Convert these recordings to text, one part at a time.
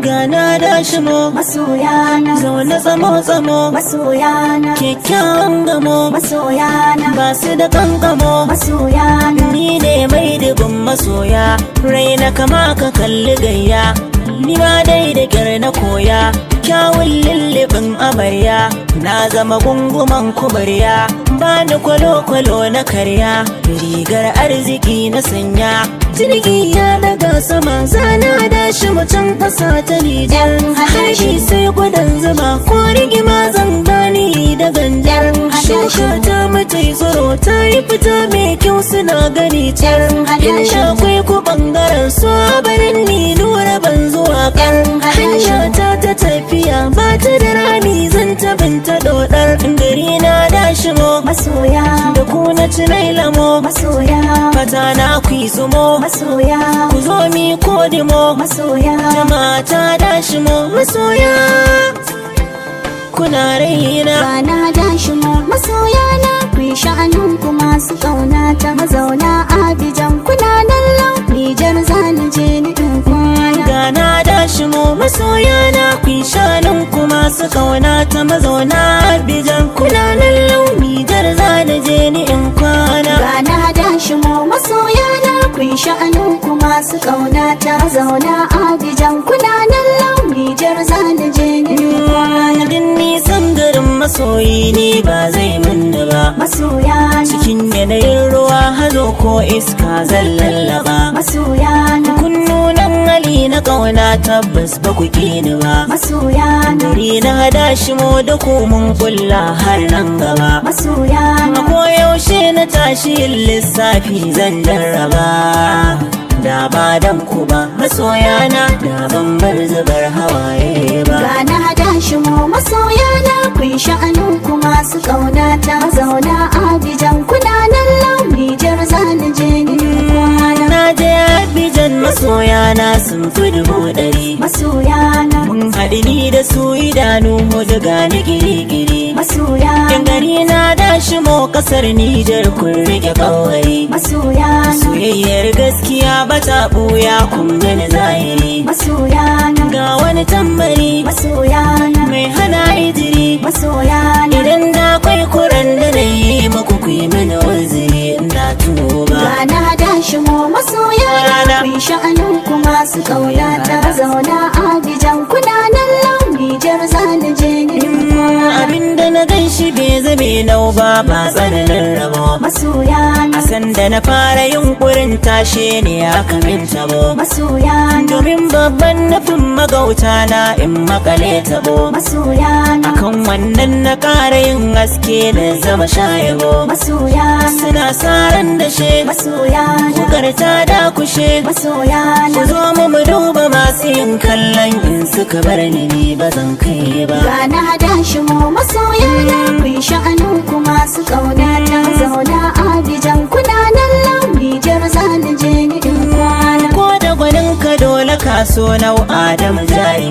gana da shimo masoyana zaune tsamo tsamo masoyana kyakkyawan gamo masoyana ba su da kankamo masoyana ni ne mai dubin masoya raina kama ka kalli gayya Nima dai da kyar na koya kyawun lullubin amarya na zama gunguman kubarya ba ni kwalo-kwalo na karya rigar arziki na sanya jirgi ya daga sama zana da shi mutum ƙasa ta nijar harshe sai gudan zuba ko rigima zan gani da ganjar shuka ta mace tsoro ta yi fita mai kyau suna gani can inda akwai ku bangaren su ta ta tafiya ba ta da rani zan ta binta dodar gari na da shimo masoya da ku na ci lamo masoya mata na ku zumo masoya ku zo mi dimo. masoya da mata da shimo masoya kuna raina ba na da shimo masoya na ku sha'anun ku masu kauna ta mazauna abijan kauna ta mazauna bijan kuna nan launi za da je ni in kwana ba na hadan shi mu masoya na kun sha'anu ku masu kauna ta zauna a bijan kuna nan launi za da je ni in kwana din nisan garin masoyi ne ba zai munna ba masoya cikin yanayin ruwa hazo ko iska zan lallaba tabbas ba ku ni ba masoya na. gari na hada shi mu da ku mun kulla har nan gaba masoya na koyaushe na tashi lissafi zan jarraba da ba dan ku ba masoya na da ban bar zubar hawaye ba ga na hada shi mu masoya na kun sha'anu kuma su kauna ta zauna a bijan nan Wa'ancan masoya na sun fi dubu ɗari Masoya na Mun haɗi ni da su idanu hudu gani giri-giri Masoya na gari na shi mo kasar Nijar kun rike kawai Masoya na Soyayyar gaskiya ba ta ɓuya kun gani zahiri Masoya sha'anin kuma su kauna ta zauna abijan kuna nan launi jar zani je mm, abinda na gan shi bai zube nau ba ba tsananin rabo masoya a sanda na fara yunkurin tashe ne aka min tabo masoya domin babban nufin magauta na in makale tabo masoya akan wannan na ƙara yin haske da zama masoya suna saran da she masoya karta da kushe masoya ku zo mu mu duba masu yin kallon in suka bar ni ni ba zan kai ba ga na hada shi mu masoya na kun sha'anu kuma su kauna ta zauna abijan kuna nan lambi jar taso nau adam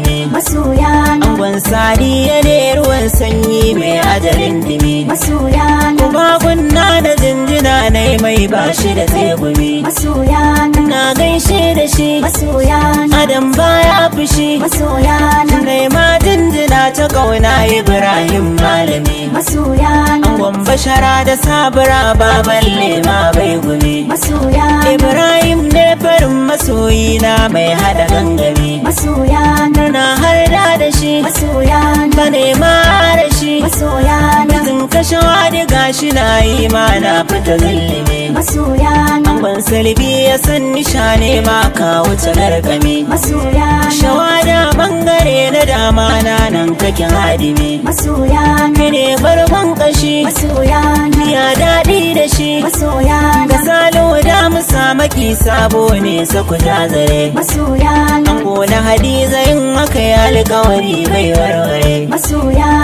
ne masoya angon sari ya ne ruwan sanyi mai ajarin dimi masoya kuma gunna da jinjina na mai bashi da zai gumi masoya na gaishe da shi masoya adam baya fushi masoya ta kauna Ibrahim malami masoya angon bashara da sabira baban lema bai gumi masoya Ibrahim ne farin masoyi na mai hada gangami masoya na har da shi masoya ka nema da shi masoya ne gashi na yi ma na fita zallime masoya na ban salbi ya san nishane ma ka wuce gargame masoya shawada bangare na dama na nan kake hadime masoya ne. ne ban kashi masoya ne. ya daɗi da shi masoya ga salo da musa maki sabo ne ku ta zare masoya na an gona hadiza in maka ya alƙawari bai warware masoya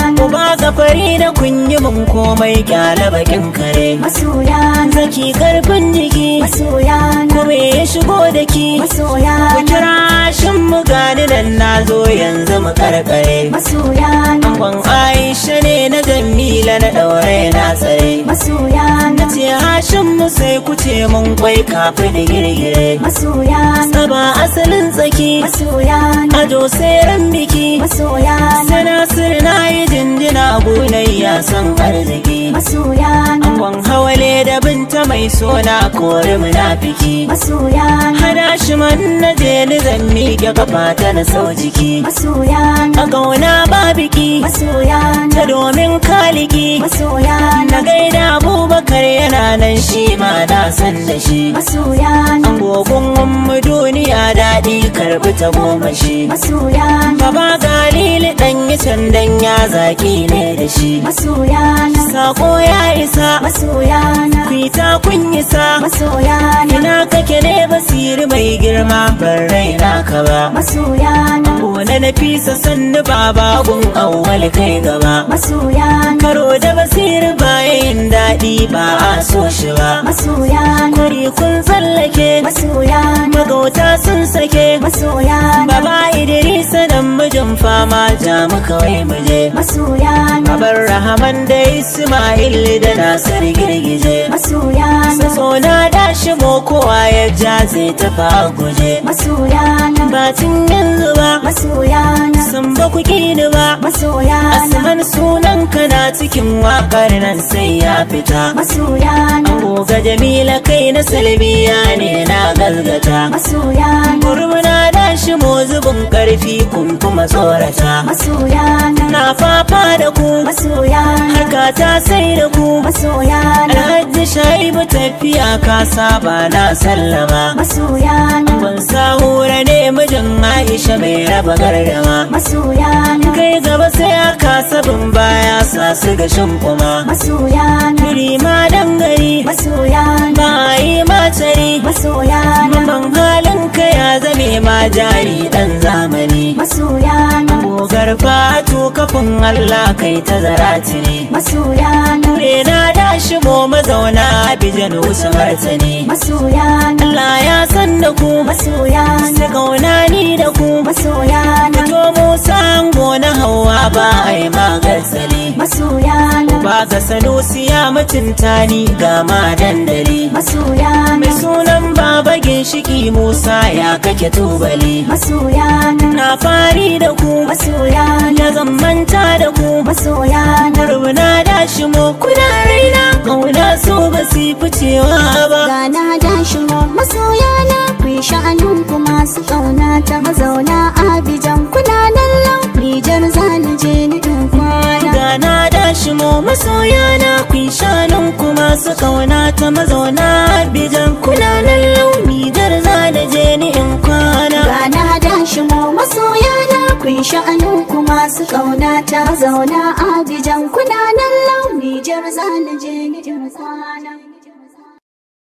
fari da kunyi mun komai kyale bakin kare masoya zaki karfin jiki masoya kuma ya shigo da ki masoya kira shin mu gani nan nazo yanzu mu karkare masoya angon Aisha ne na Jamila na daure na tsare masoya na ce hashin mu sai ku ce mun kwai kafin da girgire masoya saba asalin tsaki masoya ado sai ran biki masoya sana sirna yi jin na son arziki masoya na Akon hawale da binta mai sona kore munafiki masoya na Hada shi man na je ni zan mi ga kafa ta na sau jiki masoya na A kauna babiki biki masoya na Ta domin kaliki masoya na abubakar yana nan shi ma na san da shi masoya agogon mu duniya daɗi karɓi ta goma shi masoya baba galili ɗan yi sandan ya zaki ne da shi masoya sako ya isa masoya fita kun isa masoya ina kake ne basiri mai girma ban raina ka ba masoya na fi sa sannu baba gun awwal kai gaba masoya karo ba a so shi ba masoya kuri kun tsallake masoya magauta sun sake masoya baba idrisa dan mijin fama ja kawai muje masoya babar rahaman da isma'il da nasir girgije masoya na. saso da shi kowa ya ja zai tafa guje masoya na ba tun yanzu ba masoya na san ba ku ni ba masoya na asaman sunan ka na cikin wakar nan sai ya fita masoya na goga jamila kai na salmiya ne na galgata masoya na gurbuna dashi mo zubin karfi kun kuma tsorata masoya na na fafa da ku masoya na. harka ta sai da ku masoya tafiya ka saba na sallama masoya na ban sahura ne mijin Aisha mai raba gardama masoya na kai gaba sai aka sabin baya sa su ga shin kuma masoya na dangari masoya na yi macari masoya na ban halin ka ya zame ma jari dan zamani masoya na gogar fata kafin Allah kai ta zarati masoya na da shi mo mazauna Abidjan wasu martani masoya Allah ya san da ku masoya na kauna ni da ku masoya na to Musa ango gona Hauwa ba ai magarsali masoya na ba ga sanusi ya mutunta ni ga ma dandali masoya mai sunan baba ginshiki musa ya kake tubali masoya na fari da ku masoya na zammanta da ku masoya na rubuna da shi mu kuna raina kauna so ba su ficewa ba gana da shi mu masoya na ku sha'anin ku masu kauna ta mazauna abijan kuna nan lau rijar zani ni in gana da shi masoyana masoya na kun shanun kuma su kauna ta mazauna bijan kuna nan launi za da je ni in kwana ga na hada shi mu masoya na kun kuma su kauna ta zauna